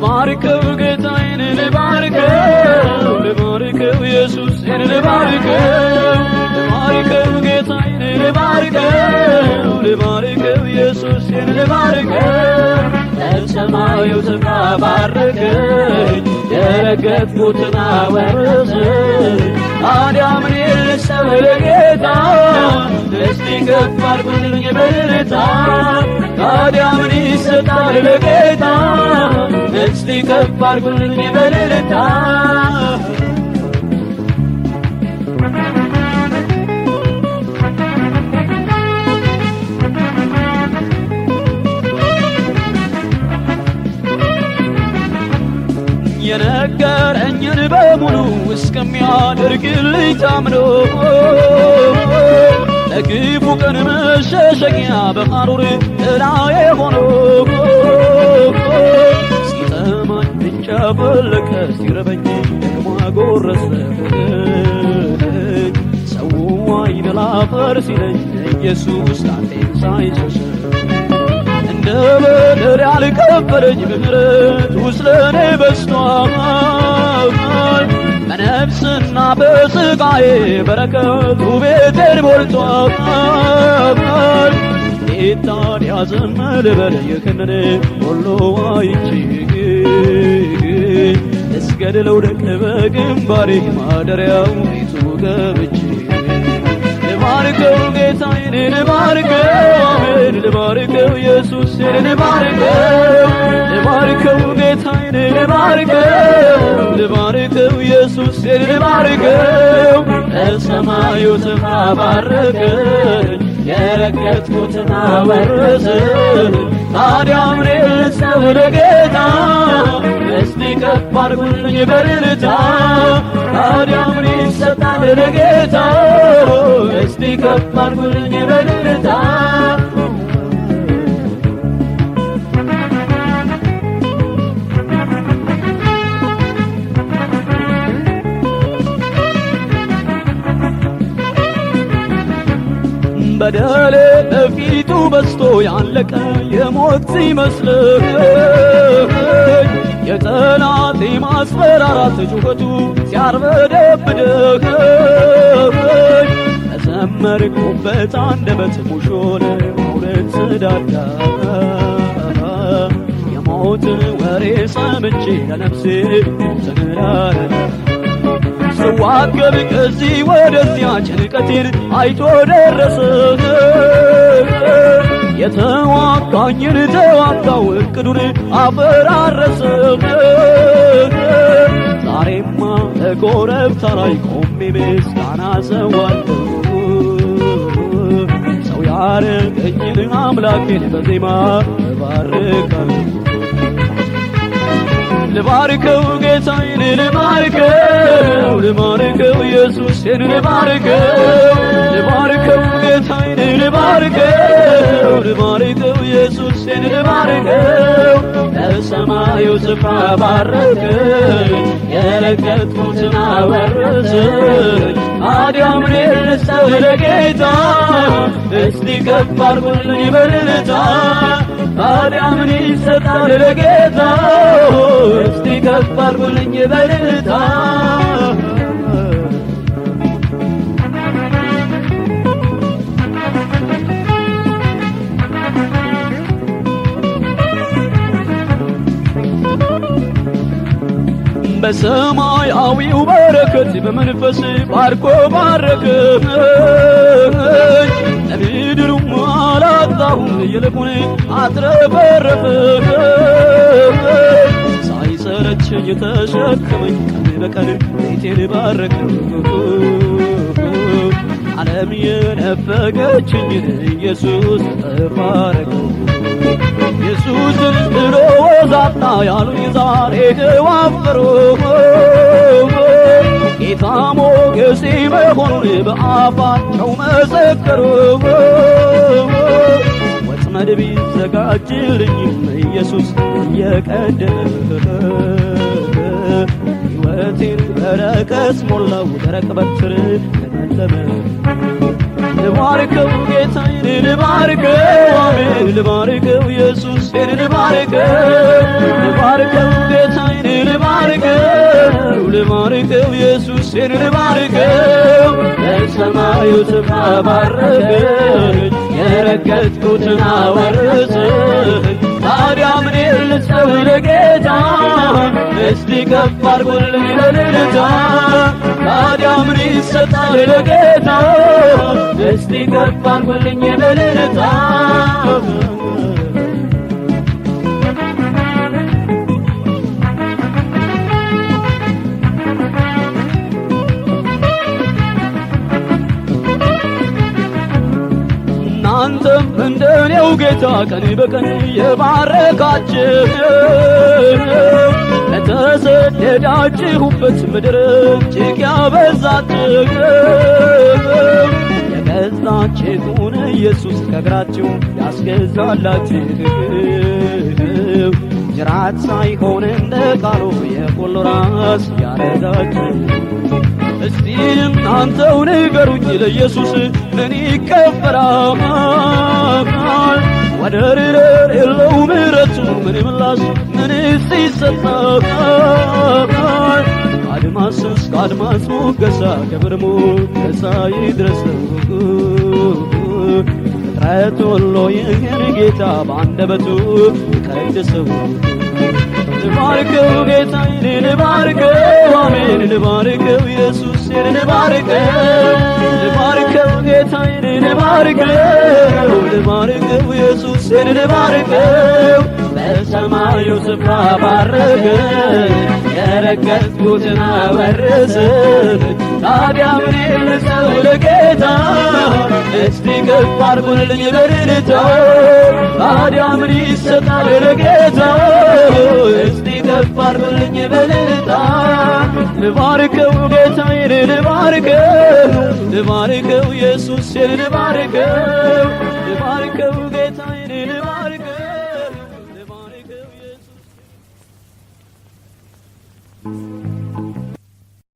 ልባርከው ጌታዬን ልባርከው ልባርከው ኢየሱስን ልባርከው ልባርከው ጌታዬን ልባርከው ልባርከው ኢየሱስን ልባርከው ለሰማዩ ስፍራ ባረከኝ የረገጥኩትን አወረሰኝ ታዲያ ለጌታ ደስቲ ከፍ አድርጉልኝ በልልታ ታዲያ ምን ይሰጣል ለጌታ ደስቲ ከፍ አድርጉልኝ በልልታ እስከሚያደርግልኝ ታምኖ ለክፉ ቀን መሸሸጊያ በማኖር ጥላዬ ሆኖ ሲጠማኝ ብቻ ፈለቀ፣ ሲረበኝ ደግሞ አጎረሰኝ። ሰው ዋይ ልላፈር ሲለኝ ኢየሱስ ጣቴን ሳይሰሰኝ እንደ በደል ያልከፈለኝ ምሕረቱ ስለኔ በስቷል። በነፍስና በስቃዬ በረከቱ ቤቴን ሞልቷል። ጌታን ያዘመ ልበል የክንን ሁሉ አይቼ እስገድለው ደቅ በግንባሬ ማደሪያው ቤቱ ገብቼ ልባርከው ጌታዬን ልባርከው አሜን ልባርከው ኢየሱስን ልባርከው ልባርከው ጌታዬን ልባርከው ባርከው ኢየሱሴን ባርከው በሰማዩ ስፍራ ባረከን የረገጥኩትን አወረሰን። ታዲያ ለጌታ እስቲ ከፍ አድርጉልኝ በእልልታ ታዲያ ምን ለጌታ እስቲ ከፍ አድርጉልኝ በእልልታ በደሌ እፊቱ በስቶ ያለቀ የሞት ይመስልህ የጠላት ማስፈራራት ጩኸቱ ሲያርበደብድህ ተዘመርኩበት አንደበት ሙሾ ለማውረት ስዳዳ የሞት ወሬ ሰምቼ ለነፍሴ ትንራራ ስዋገብ ከዚህ ወደዚያ ጭንቀቴን አይቶ ደረሰ። የተዋጋኝን ተዋጋው እቅዱን አፈራረሰ። ዛሬማ በኮረብታ ላይ ቆሜ ምስጋና ሰዋለሁ። ሰው ያረገኝን አምላኬን በዜማ እባርካለሁ። ልባርከው ጌታዬን ልባርከው ልባርከው ኢየሱስን ልባርከው ልባርከው ጌታዬን ልባርከው ልባርከው ኢየሱስን ልባርከው ከሰማዩ ስፍራ ባረከኝ የረገጥኩትን አወረሰኝ አዲያ ለጌታ እስቲ ከፍ አርጉልኝ በልልታ ታዲያ ምን ይሰጣል ለጌታ እስቲ ከፍ አርጉልኝ በልልታ በሰማያዊው በረከት በመንፈስ ባርኮ ባረከኝ። ለምድሩም አላጣሁም ይልቁን አትረፈረፈኝ። ሳይሰለች እየተሸከመኝ ቀን በቀን ቤቴን ባረከ ዓለም የነፈገችኝን ኢየሱስ ጠፋ ድርድሮ ዛታ ያሉኝ ዛሬ ተዋፈሩ ጌታ ሞገሴ መሆኑን በአፋቸው መሰከሩ ወጥመድ ቢዘጋጅልኝም ኢየሱስ እየቀደመ ሕይወቴን በረከት ሞላው ደረቅ በትር ተመለመ ልባርከው ጌታዬን ልባርከው አሜን ልባርከው ኢየሱስን ልባርከው ልባርከው ጌታዬን ልባርከው ልባርከው ኢየሱስን ልባርከው ለሰማዩ ስፍራ ባረከኝ የረገጥኩትን አወረሰኝ ታዲያ ምን እስቲ ከፍ አርጉልኝ ለልልታ ታዲያ ምን ይሰጣል ለጌታ እስቲ ከፍ አርጉልኝ ለልልታ ጌታ ቀን በቀን የባረካችሁ ለተሰደዳችሁበት ምድር እጅግ ያበዛችሁ የገዛችሁን ኢየሱስ ከእግራችሁ ያስገዛላችሁ ጅራት ሳይሆን እንደ ቃሉ የሁሉ ራስ ያረጋችሁ እስቲ እናንተው ንገሩኝ ለኢየሱስ ምን ይከፈራል? ማደርደር የለው ምረቱ ምን ምላስ ምን ይሰጣል? አድማስ እስከ አድማስ ሞገሳ ከብርሙ ገሳ ይድረሰው ፍጥረት ሁሉ ይህን ጌታ በአንደበቱ ቀድሰው ልባርከው ጌታዬን ልባርከው አሜን ልባርከው ኢየሱሴን ልባርከው ልባርከው ጌታዬን ልባርከው ልባርከው ነፍስን ልባርከው በሰማዩ ስፍራ ባረከ የረገጥኩትን አወረስን። ታዲያ ምን ልሰው ለጌታ እስቲ ከፍ አድርጉልኝ በርድቶ ታዲያ ምን ይሰጣል ለጌታ እስቲ ከፍ አድርጉልኝ በልልታ ልባርከው ጌታዬን ልባርከው ልባርከው ኢየሱስን ልባርከው ልባርከው